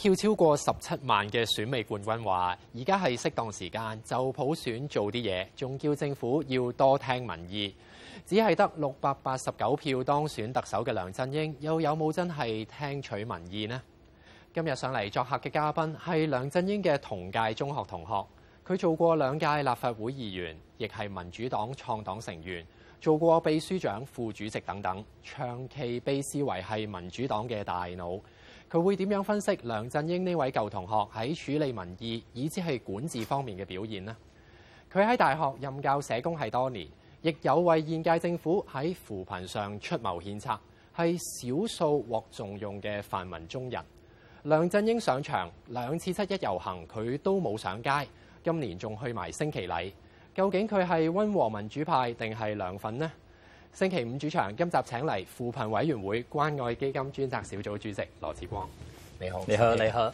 票超過十七萬嘅選美冠軍話而家係適當時間就普選做啲嘢，仲叫政府要多聽民意。只係得六百八十九票當選特首嘅梁振英，又有冇真係聽取民意呢？今日上嚟作客嘅嘉賓，係梁振英嘅同屆中學同學，佢做過兩屆立法會議員，亦係民主黨創黨成員，做過秘書長、副主席等等，長期被視為係民主黨嘅大腦。佢會點樣分析梁振英呢位舊同學喺處理民意以至係管治方面嘅表現呢？佢喺大學任教社工系多年，亦有為現屆政府喺扶貧上出謀獻策，係少數獲重用嘅泛民中人。梁振英上場，兩次七一遊行佢都冇上街，今年仲去埋升旗禮。究竟佢係溫和民主派定係梁粉呢？星期五主場，今集請嚟扶貧委員會關愛基金專責小組主席羅致光。你。你好，你好，你好。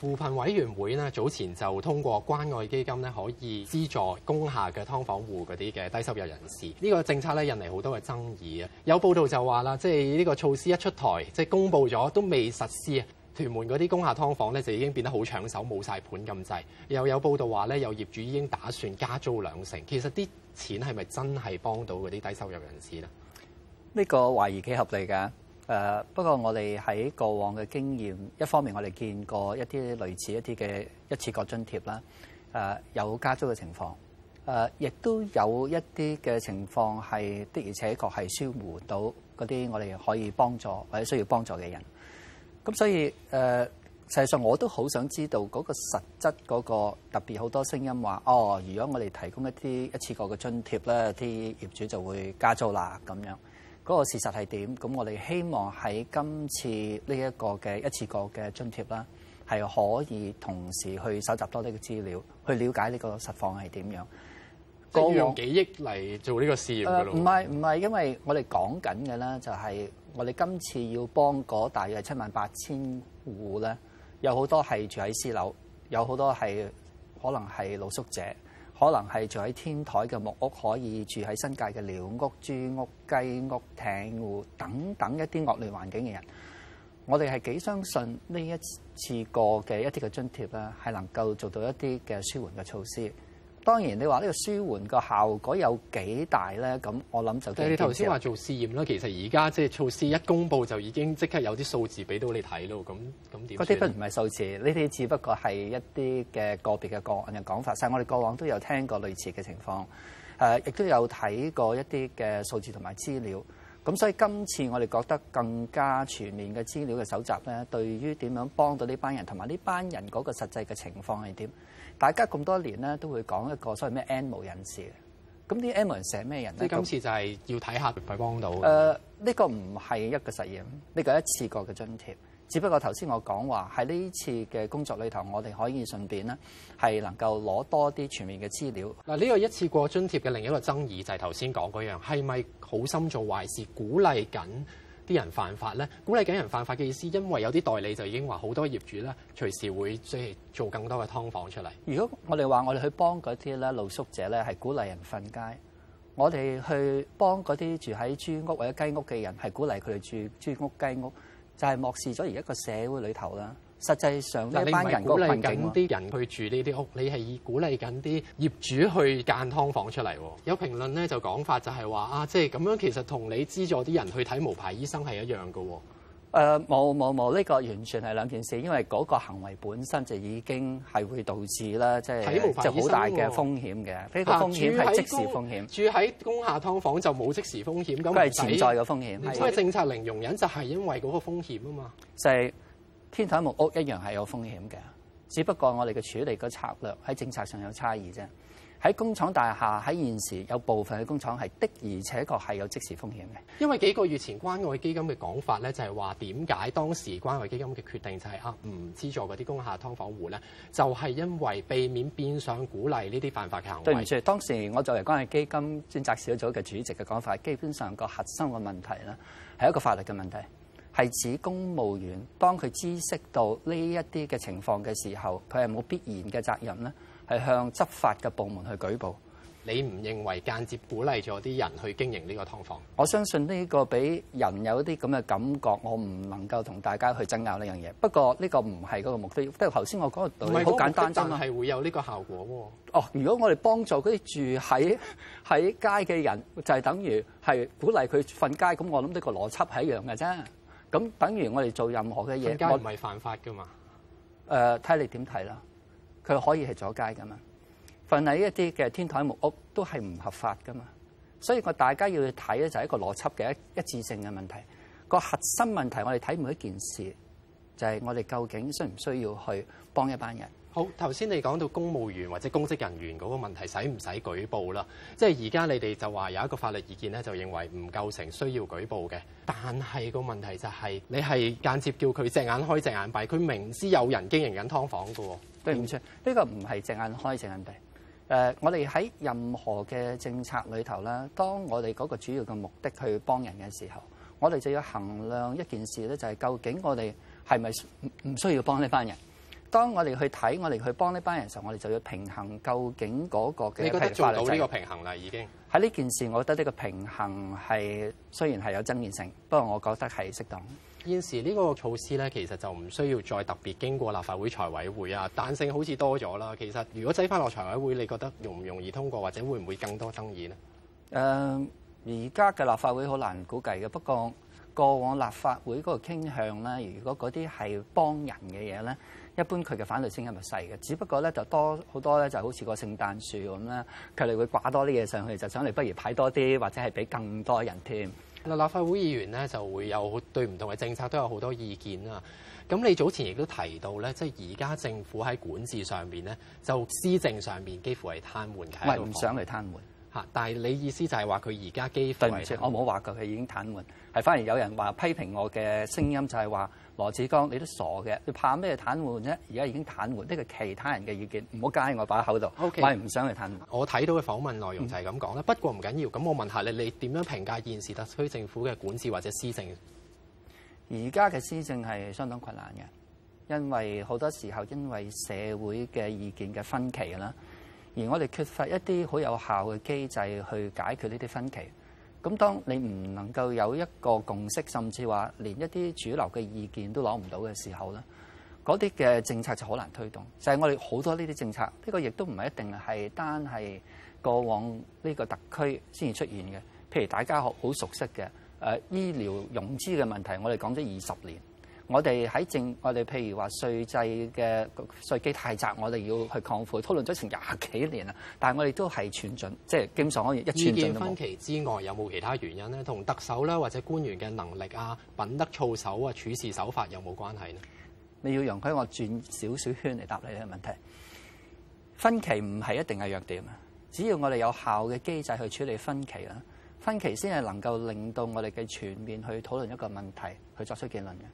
扶貧委員會咧，早前就通過關愛基金咧，可以資助工廈嘅劏房戶嗰啲嘅低收入人士。呢、這個政策咧，引嚟好多嘅爭議啊！有報道就話啦，即係呢個措施一出台，即、就、係、是、公布咗都未實施啊！屯門嗰啲工廈㓥房咧，就已經變得好搶手，冇晒盤咁滯。又有報道話咧，有業主已經打算加租兩成。其實啲錢係咪真係幫到嗰啲低收入人士咧？呢個懷疑幾合理㗎。誒，不過我哋喺過往嘅經驗，一方面我哋見過一啲類似一啲嘅一次過津貼啦。誒，有加租嘅情況。誒，亦都有一啲嘅情況係的，而且確係舒緩到嗰啲我哋可以幫助或者需要幫助嘅人。咁所以誒、呃、實際上我都好想知道嗰個實質嗰個特別，好多聲音話哦，如果我哋提供一啲一次過嘅津貼咧，啲業主就會加租啦，咁樣嗰個事實係點？咁我哋希望喺今次呢一個嘅一次過嘅津貼啦，係可以同時去搜集多啲嘅資料，去了解呢個實況係點樣。要用幾億嚟做呢個試驗？唔係唔係，因為我哋講緊嘅咧就係。我哋今次要幫嗰大約七萬八千戶咧，有好多係住喺私樓，有好多係可能係露宿者，可能係住喺天台嘅木屋，可以住喺新界嘅寮屋、豬屋、雞屋、艇戶等等一啲惡劣環境嘅人。我哋係幾相信呢一次過嘅一啲嘅津貼咧，係能夠做到一啲嘅舒緩嘅措施。當然，你話呢個舒緩個效果有幾大咧？咁我諗就係你頭先話做試驗啦。其實而家即係措施一公布就已經即刻有啲數字俾到你睇咯。咁咁點？嗰啲不唔係數字，呢啲只不過係一啲嘅個別嘅個案嘅講法。其、就係、我哋過往都有聽過類似嘅情況，誒、呃、亦都有睇過一啲嘅數字同埋資料。咁所以今次我哋覺得更加全面嘅資料嘅搜集咧，對於點樣幫到呢班人，同埋呢班人嗰個實際嘅情況係點？大家咁多年咧都會講一個所謂咩 N 無人士嘅，咁啲 N 無係咩人咧？今次就係要睇下會唔會幫到。呃。誒、這、呢個唔係一個實驗，呢個一次過嘅津貼。只不過頭先我講話喺呢次嘅工作裏頭，我哋可以順便咧係能夠攞多啲全面嘅資料。嗱，呢個一次過津貼嘅另一個爭議就係頭先講嗰樣，係咪好心做壞事，鼓勵緊啲人犯法咧？鼓勵緊人犯法嘅意思，因為有啲代理就已經話好多業主咧隨時會即係做更多嘅劏房出嚟。如果我哋話我哋去幫嗰啲咧露宿者咧係鼓勵人瞓街，我哋去幫嗰啲住喺豬屋或者雞屋嘅人係鼓勵佢哋住豬屋雞屋。雞屋就係漠視咗而家個社會裏頭啦。實際上，一班人嘅你唔係鼓勵緊啲人去住呢啲屋，啊、你係鼓勵緊啲業主去間劏房出嚟。有評論咧就講法就係話啊，即係咁樣其實同你資助啲人去睇無牌醫生係一樣嘅。誒冇冇冇，呢、呃這個完全係兩件事，因為嗰個行為本身就已經係會導致啦，即係即係好大嘅風險嘅。非個、啊、風險係即時風險，住喺工,工廈劏房就冇即時風險，咁佢係潛在嘅風險。所以政策零容忍就係因為嗰個風險啊嘛？係就係、係、天台木屋一樣係有風險嘅，只不過我哋嘅處理嘅策略喺政策上有差異啫。喺工廠大廈，喺現時有部分嘅工廠係的，而且確係有即時風險嘅。因為幾個月前關愛基金嘅講法咧，就係話點解當時關愛基金嘅決定就係啊唔資助嗰啲工廈劏房戶咧，就係因為避免變相鼓勵呢啲犯法嘅行為。對唔住，當時我作為關愛基金專責小組嘅主席嘅講法，基本上個核心嘅問題咧，係一個法律嘅問題，係指公務員當佢知識到呢一啲嘅情況嘅時候，佢係冇必然嘅責任咧。係向執法嘅部門去舉報。你唔認為間接鼓勵咗啲人去經營呢個劏房？我相信呢個俾人有一啲咁嘅感覺，我唔能夠同大家去爭拗呢樣嘢。不過呢個唔係嗰個目的。即係頭先我講唔係好簡單，真係會有呢個效果喎。哦，如果我哋幫助嗰啲住喺喺街嘅人，就係、是、等於係鼓勵佢瞓街，咁我諗呢個邏輯係一樣嘅啫。咁等於我哋做任何嘅嘢，我唔係犯法㗎嘛？誒、呃，睇你點睇啦？佢可以係阻街噶嘛？凡係一啲嘅天台木屋都係唔合法噶嘛，所以我大家要去睇咧，就係一個邏輯嘅一一致性嘅問題。個核心問題，我哋睇每一件事就係、是、我哋究竟需唔需要去幫一班人。好，頭先你講到公務員或者公職人員嗰個問題，使唔使舉報啦？即係而家你哋就話有一個法律意見咧，就認為唔構成需要舉報嘅。但係個問題就係、是、你係間接叫佢隻眼開隻眼閉，佢明知有人在經營緊劏房噶喎。對，冇錯，呢、這個唔係隻眼開隻眼閉。誒、呃，我哋喺任何嘅政策裏頭啦，當我哋嗰個主要嘅目的去幫人嘅時候，我哋就要衡量一件事咧，就係究竟我哋係咪唔需要幫呢班人？當我哋去睇我哋去幫呢班人嘅時候，我哋就要平衡究竟嗰個嘅。你覺得做到呢個平衡啦，已經喺呢件事，我覺得呢個平衡係雖然係有爭議性，不過我覺得係適當。現時呢個措施咧，其實就唔需要再特別經過立法會財委會啊，彈性好似多咗啦。其實如果擠翻落財委會，你覺得容唔容易通過，或者會唔會更多爭議呢？誒、呃，而家嘅立法會好難估計嘅。不過過往立法會嗰個傾向咧，如果嗰啲係幫人嘅嘢咧，一般佢嘅反對聲音係咪細嘅。只不過咧就多好多咧，就好似個聖誕樹咁啦，佢哋會掛多啲嘢上去，就想嚟不如派多啲，或者係俾更多人添。立法會議員咧就會有對唔同嘅政策都有好多意見啦。咁你早前亦都提到咧，即係而家政府喺管治上面咧，就施政上面幾乎係癱瘓緊，唔係唔想嚟癱瘓。嚇！但係你意思就係話佢而家機翻？對唔住，我唔好話佢，佢已經癱瘓。係反而有人話批評我嘅聲音就是說，就係話羅致光你都傻嘅，你怕咩癱瘓啫？而家已經癱瘓，呢個其他人嘅意見唔好加喺我擺喺口度。O K. 有唔想佢癱瘓。我睇到嘅訪問內容就係咁講啦。嗯、不過唔緊要。咁我問下你，你點樣評價現時特區政府嘅管治或者施政？而家嘅施政係相當困難嘅，因為好多時候因為社會嘅意見嘅分歧啦。而我哋缺乏一啲好有效嘅機制去解決呢啲分歧。咁當你唔能夠有一個共識，甚至話連一啲主流嘅意見都攞唔到嘅時候咧，嗰啲嘅政策就好難推動，就係、是、我哋好多呢啲政策，呢、這個亦都唔係一定係單係過往呢個特區先至出現嘅。譬如大家好好熟悉嘅誒、呃、醫療融資嘅問題，我哋講咗二十年。我哋喺政，我哋譬如話稅制嘅稅基太窄，我哋要去擴闊討論咗成廿幾年啦。但係我哋都係全進，即係基本上可以一全意見分歧之外，有冇其他原因咧？同特首啦或者官員嘅能力啊、品德操守啊、處事手法有冇關係咧？你要容許我轉少少圈嚟答你呢個問題。分歧唔係一定係弱點啊，只要我哋有效嘅機制去處理分歧啦，分歧先係能夠令到我哋嘅全面去討論一個問題，去作出結論嘅。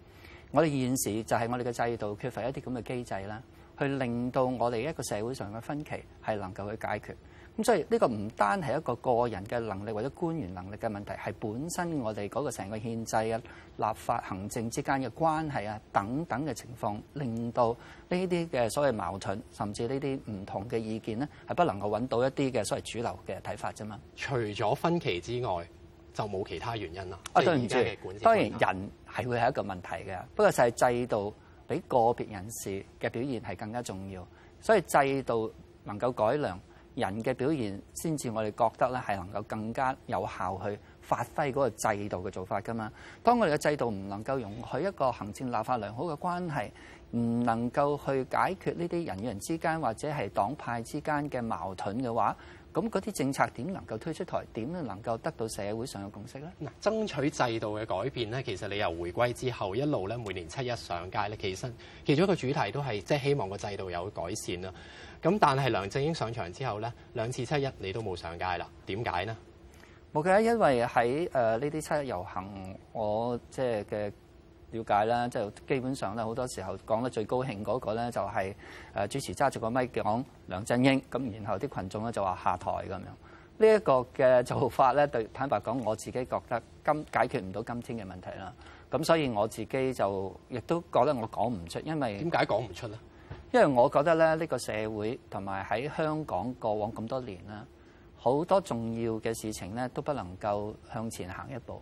我哋現時就係我哋嘅制度缺乏一啲咁嘅機制啦，去令到我哋一個社會上嘅分歧係能夠去解決。咁所以呢個唔單係一個個人嘅能力或者官員能力嘅問題，係本身我哋嗰個成個憲制啊、立法、行政之間嘅關係啊等等嘅情況，令到呢啲嘅所謂矛盾，甚至呢啲唔同嘅意見呢，係不能夠揾到一啲嘅所謂主流嘅睇法啫嘛。除咗分歧之外。就冇其他原因啦。啊，對唔住，當然人係會係一個問題嘅，不過就係制度比個別人士嘅表現係更加重要，所以制度能夠改良人嘅表現，先至我哋覺得咧係能夠更加有效去發揮嗰個制度嘅做法㗎嘛。當我哋嘅制度唔能夠容許一個行政立法良好嘅關係，唔能夠去解決呢啲人與人之間或者係黨派之間嘅矛盾嘅話，咁嗰啲政策點能夠推出台？點樣能夠得到社會上嘅共識咧？嗱，爭取制度嘅改變咧，其實你由回歸之後一路咧，每年七一上街咧，其實其中一個主題都係即係希望個制度有改善啦。咁但係梁振英上場之後咧，兩次七一你都冇上街啦。點解呢？我記得因為喺誒呢啲七一遊行，我即係嘅。了解啦，即係基本上咧，好多時候講得最高興嗰個咧，就係誒主持揸住個麥，講梁振英，咁然後啲群眾咧就話下台咁樣。呢一個嘅做法咧，對，坦白講，我自己覺得今解決唔到今天嘅問題啦。咁所以我自己就亦都覺得我講唔出，因為點解講唔出咧？因為我覺得咧，呢個社會同埋喺香港過往咁多年啦，好多重要嘅事情咧都不能夠向前行一步。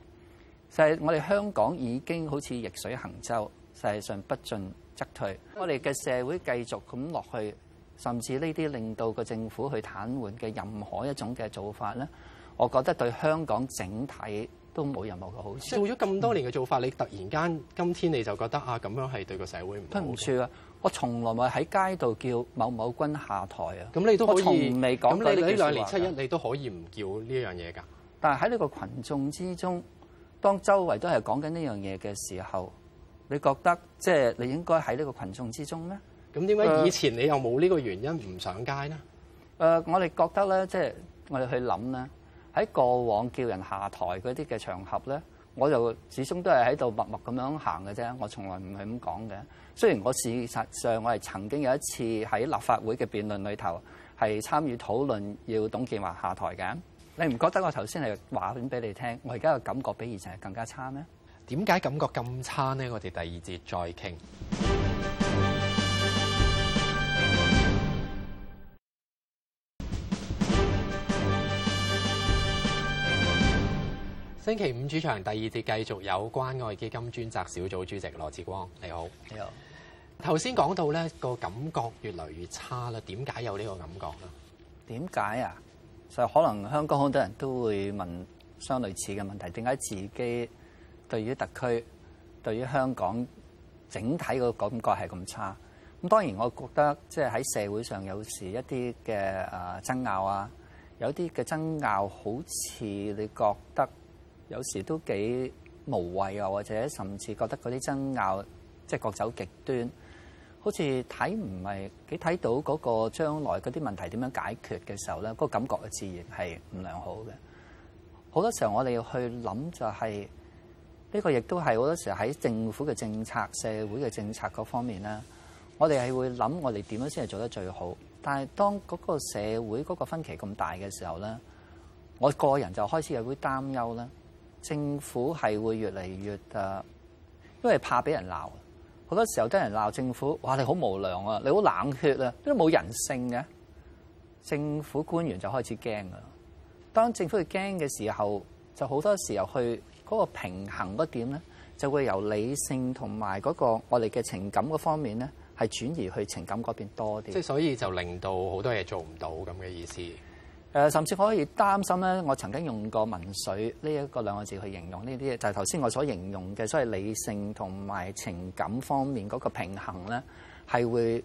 就係我哋香港已經好似逆水行舟，實際上不進則退。我哋嘅社會繼續咁落去，甚至呢啲令到個政府去癱瘓嘅任何一種嘅做法咧，我覺得對香港整體都冇任何嘅好處。做咗咁多年嘅做法，你突然間今天你就覺得啊，咁樣係對個社會唔好。對唔住啊！我從來咪喺街度叫某某君下台啊！咁你都可以咁，我從未講過你呢兩年七一，你都可以唔叫呢樣嘢㗎。但係喺呢個群眾之中。當周圍都係講緊呢樣嘢嘅時候，你覺得即係、就是、你應該喺呢個群眾之中咩？咁點解以前你又冇呢個原因唔上街呢？誒、呃，我哋覺得咧，即、就、係、是、我哋去諗咧，喺過往叫人下台嗰啲嘅場合咧，我就始終都係喺度默默咁樣行嘅啫，我從來唔係咁講嘅。雖然我事實上我係曾經有一次喺立法會嘅辯論裏頭係參與討論要董建華下台嘅。你唔覺得我頭先係話片俾你聽，我而家個感覺比以前係更加差咩？點解感覺咁差咧？我哋第二節再傾。 星期五主場第二節繼續有關愛基金專責小組主席羅致光，你好。你好。頭先講到咧個感覺越嚟越差啦，點解有呢個感覺咧？點解啊？就可能香港好多人都會問相類似嘅問題，點解自己對於特區對於香港整體個感覺係咁差？咁當然我覺得即係喺社會上有時一啲嘅誒爭拗啊，有啲嘅爭拗好似你覺得有時都幾無謂啊，或者甚至覺得嗰啲爭拗即係各走極端。好似睇唔係幾睇到嗰個將來嗰啲問題點樣解決嘅時候咧，個感覺嘅自然係唔良好嘅。好多時候我哋要去諗就係呢個，亦都係好多時候喺政府嘅政策、社會嘅政策各方面咧，我哋係會諗我哋點樣先係做得最好。但係當嗰個社會嗰個分歧咁大嘅時候咧，我個人就開始有啲擔憂啦。政府係會越嚟越誒，因為怕俾人鬧。好多時候得人鬧政府，哇！你好無良啊，你好冷血啊，都冇人性嘅啊。政府官員就開始驚噶啦。當政府去驚嘅時候，就好多時候去嗰個平衡嗰點咧，就會由理性同埋嗰個我哋嘅情感嗰方面咧，係轉移去情感嗰邊多啲。即係所以就令到好多嘢做唔到咁嘅意思。誒、呃，甚至可以擔心咧。我曾經用過民粹呢一個兩個字去形容呢啲嘢，就係頭先我所形容嘅，所謂理性同埋情感方面嗰個平衡咧，係會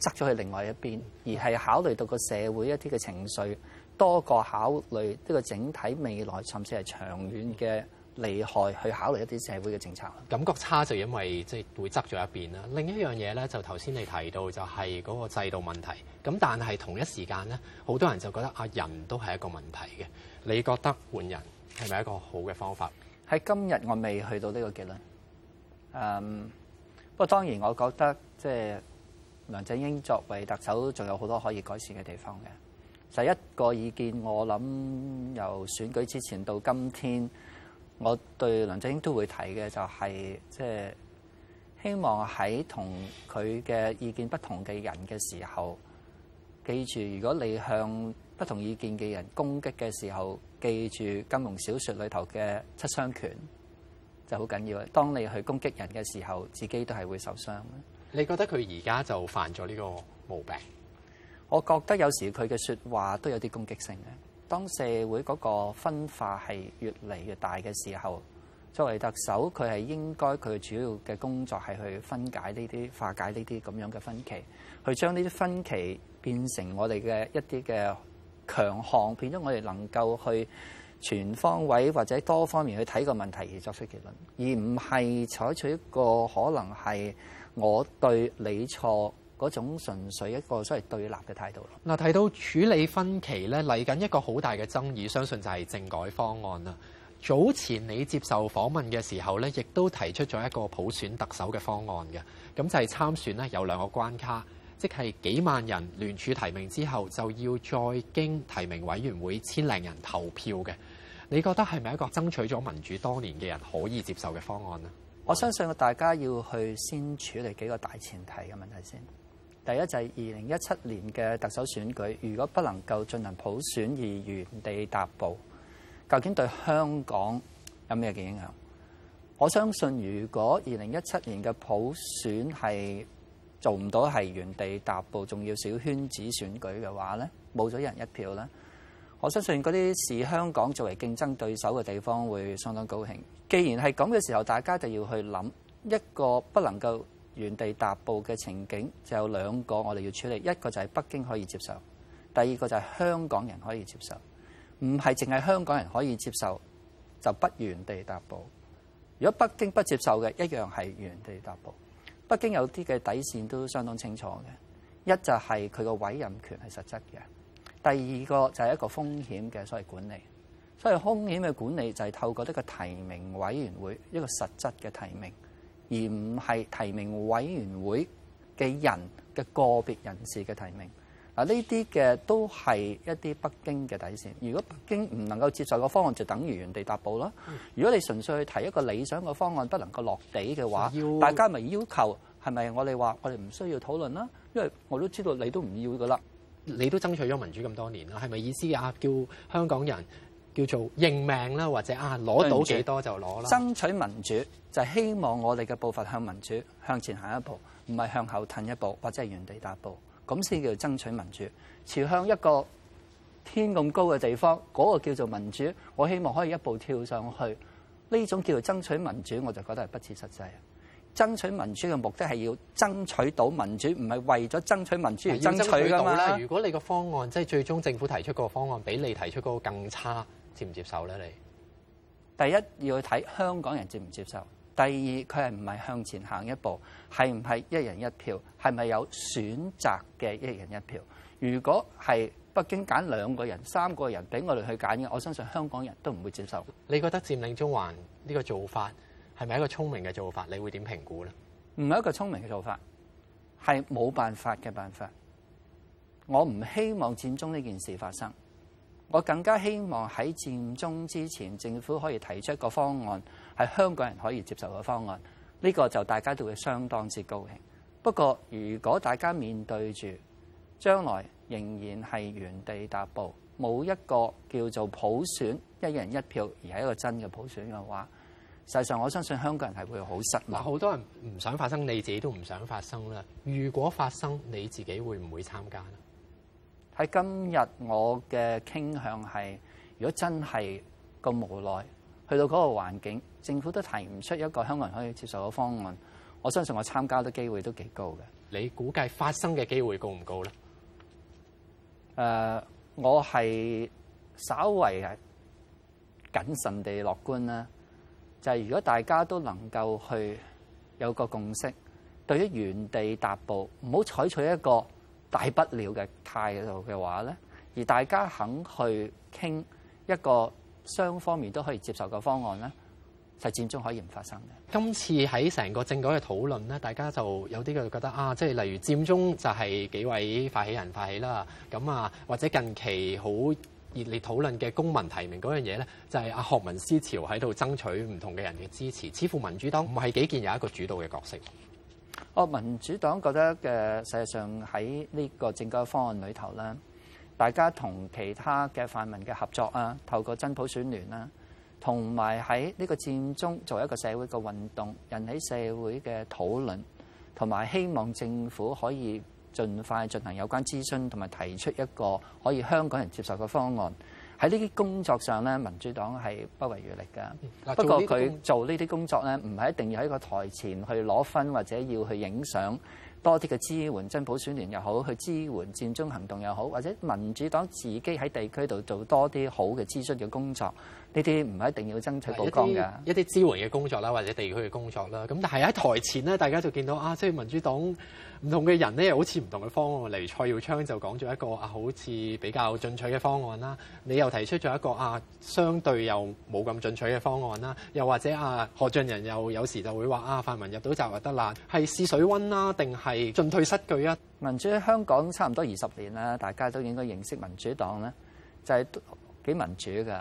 側咗去另外一邊，而係考慮到個社會一啲嘅情緒多過考慮呢個整體未來，甚至係長遠嘅。厲害去考慮一啲社會嘅政策，感覺差就因為即係、就是、會側咗一邊啦。另一樣嘢咧，就頭先你提到就係嗰個制度問題。咁但係同一時間咧，好多人就覺得啊人都係一個問題嘅。你覺得換人係咪一個好嘅方法？喺今日我未去到呢個結論。Um, 不過當然我覺得即係、就是、梁振英作為特首，仲有好多可以改善嘅地方嘅。第、就是、一個意見，我諗由選舉之前到今天。我對梁振英都會睇嘅就係、是，即、就、係、是、希望喺同佢嘅意見不同嘅人嘅時候，記住如果你向不同意見嘅人攻擊嘅時候，記住金融《金庸小説》裏頭嘅七傷拳就好緊要。當你去攻擊人嘅時候，自己都係會受傷。你覺得佢而家就犯咗呢個毛病？我覺得有時佢嘅說話都有啲攻擊性嘅。當社會嗰個分化係越嚟越大嘅時候，作為特首，佢係應該，佢主要嘅工作係去分解呢啲、化解呢啲咁樣嘅分歧，去將呢啲分歧變成我哋嘅一啲嘅強項，變咗我哋能夠去全方位或者多方面去睇個問題，而作出結論，而唔係採取一個可能係我對你錯。嗰種純粹一個所謂對立嘅態度。嗱，提到處理分歧咧，嚟緊一個好大嘅爭議，相信就係政改方案啦。早前你接受訪問嘅時候咧，亦都提出咗一個普選特首嘅方案嘅。咁就係參選咧，有兩個關卡，即係幾萬人聯署提名之後，就要再經提名委員會千零人投票嘅。你覺得係咪一個爭取咗民主當年嘅人可以接受嘅方案呢？我相信大家要先去先處理幾個大前提嘅問題先。第一就係二零一七年嘅特首選舉，如果不能夠進行普選而原地踏步，究竟對香港有咩嘅影響？我相信如果二零一七年嘅普選係做唔到係原地踏步，仲要小圈子選舉嘅話咧，冇咗一人一票咧，我相信嗰啲視香港作為競爭對手嘅地方會相當高興。既然係咁嘅時候，大家就要去諗一個不能夠。原地踏步嘅情景就有兩個我哋要處理。一個就係北京可以接受，第二個就係香港人可以接受。唔係淨係香港人可以接受，就不原地踏步。如果北京不接受嘅，一樣係原地踏步。北京有啲嘅底線都相當清楚嘅，一就係佢個委任權係實質嘅，第二個就係一個風險嘅所謂管理。所謂風險嘅管理就係透過呢個提名委員會一個實質嘅提名。而唔係提名委員會嘅人嘅個別人士嘅提名，啊呢啲嘅都係一啲北京嘅底線。如果北京唔能夠接受個方案，就等於原地踏步啦。如果你純粹去提一個理想嘅方案不能夠落地嘅話，是要大家咪要求係咪？係咪我哋話，我哋唔需要討論啦，因為我都知道你都唔要噶啦，你都爭取咗民主咁多年啦，係咪意思啊？叫香港人。叫做認命啦，或者啊攞到幾多就攞啦。爭取民主就係希望我哋嘅步伐向民主向前行一步，唔係向後退一步或者係原地踏步，咁先叫做爭取民主。朝向一個天咁高嘅地方，嗰個叫做民主。我希望可以一步跳上去，呢種叫做爭取民主，我就覺得係不切實際啊。爭取民主嘅目的係要爭取到民主，唔係為咗爭取民主而爭取，的要爭取到的。如果你個方案即係最終政府提出嗰個方案比你提出嗰個更差。接唔接受咧？你第一要去睇香港人接唔接受。第二佢係唔係向前行一步？係唔係一人一票？係咪有選擇嘅一人一票？如果係北京揀兩個人、三個人俾我哋去揀嘅，我相信香港人都唔會接受。你覺得佔領中環呢個做法係咪一個聰明嘅做法？你會點評估咧？唔係一個聰明嘅做法，係冇辦法嘅辦法。我唔希望占中呢件事發生。我更加希望喺佔中之前，政府可以提出一個方案，係香港人可以接受嘅方案。呢個就大家都會相當之高興。不過如果大家面對住將來仍然係原地踏步，冇一個叫做普選，一人一票而係一個真嘅普選嘅話，實際上我相信香港人係會好失望。好多人唔想發生，你自己都唔想發生啦。如果發生，你自己會唔會參加呢？喺今日我嘅傾向係，如果真係咁無奈，去到嗰個環境，政府都提唔出一個香港人可以接受嘅方案，我相信我參加嘅機會都幾高嘅。你估計發生嘅機會高唔高咧？Uh, 我係稍為謹慎地樂觀啦，就係、是、如果大家都能夠去有個共識，對於原地踏步，唔好採取一個，大不了嘅態度嘅話咧，而大家肯去傾一個雙方面都可以接受嘅方案咧，佔中可以唔發生嘅。今次喺成個政改嘅討論咧，大家就有啲嘅覺得啊，即係例如佔中就係幾位發起人發起啦，咁啊或者近期好熱烈討論嘅公民提名嗰樣嘢咧，就係、是、阿學民思潮喺度爭取唔同嘅人嘅支持，似乎民主黨唔係幾見有一個主導嘅角色。我、哦、民主黨覺得嘅，實際上喺呢個政改方案裏頭咧，大家同其他嘅泛民嘅合作啊，透過真普選聯啦、啊，同埋喺呢個佔中做一個社會嘅運動，引起社會嘅討論，同埋希望政府可以盡快進行有關諮詢，同埋提出一個可以香港人接受嘅方案。喺呢啲工作上咧，民主黨係不遺餘力噶、嗯這個。不過佢做呢啲工作咧，唔係一定要喺個台前去攞分或者要去影相多啲嘅支援，真普選聯又好，去支援佔中行動又好，或者民主黨自己喺地區度做多啲好嘅諮詢嘅工作。呢啲唔係一定要爭取曝光㗎，一啲支援嘅工作啦，或者地區嘅工作啦。咁但係喺台前咧，大家就見到啊，即係民主黨唔同嘅人咧，又好似唔同嘅方案嚟。蔡耀昌就講咗一個啊，好似比較進取嘅方案啦。你又提出咗一個啊，相對又冇咁進取嘅方案啦。又或者啊，何俊仁又有時就會話啊，泛民入到就話得啦，係試水溫啦，定係進退失據啊？民主喺香港差唔多二十年啦，大家都應該認識民主黨咧，就係幾民主㗎。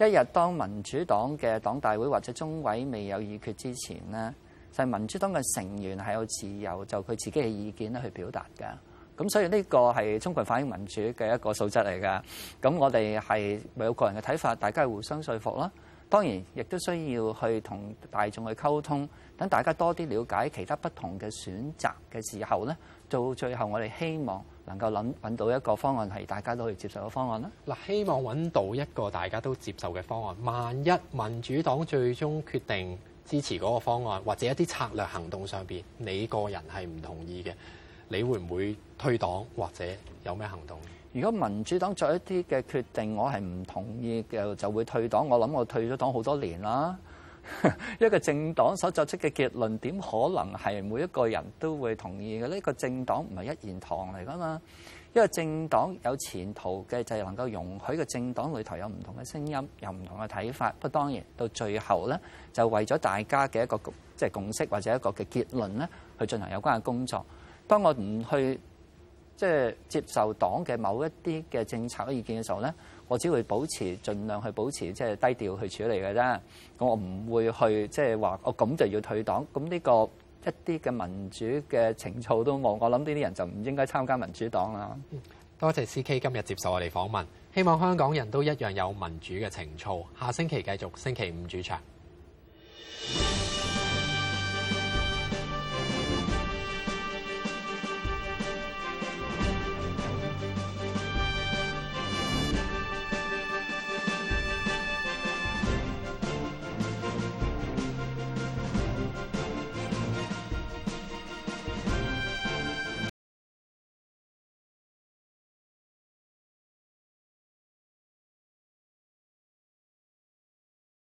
一日當民主黨嘅黨大會或者中委未有議決之前咧，就係、是、民主黨嘅成員係有自由就佢、是、自己嘅意見咧去表達嘅。咁所以呢個係充分反映民主嘅一個素質嚟噶。咁我哋係有個人嘅睇法，大家互相說服啦。當然，亦都需要去同大眾去溝通，等大家多啲了解其他不同嘅選擇嘅時候呢，到最後我哋希望能夠揾揾到一個方案係大家都可以接受嘅方案啦。嗱，希望揾到一個大家都接受嘅方案。萬一民主黨最終決定支持嗰個方案，或者一啲策略行動上面，你個人係唔同意嘅。你會唔會退黨或者有咩行動？如果民主黨作一啲嘅決定，我係唔同意嘅，就會退黨。我諗我退咗黨好多年啦。 一個政黨所作出嘅結論，點可能係每一個人都會同意嘅？呢個政黨唔係一言堂嚟噶嘛。一個政黨有前途嘅就係、是、能夠容許個政黨裏頭有唔同嘅聲音，有唔同嘅睇法。不過當然到最後咧，就為咗大家嘅一個即係共識或者一個嘅結論咧，去進行有關嘅工作。當我唔去即係接受黨嘅某一啲嘅政策嘅意見嘅時候咧，我只會保持盡量去保持即係低調去處理嘅啫。我唔會去即係話哦，咁就要退黨。咁呢個一啲嘅民主嘅情操都冇。我諗呢啲人就唔應該參加民主黨啦。多謝 C K 今日接受我哋訪問。希望香港人都一樣有民主嘅情操。下星期繼續星期五主場。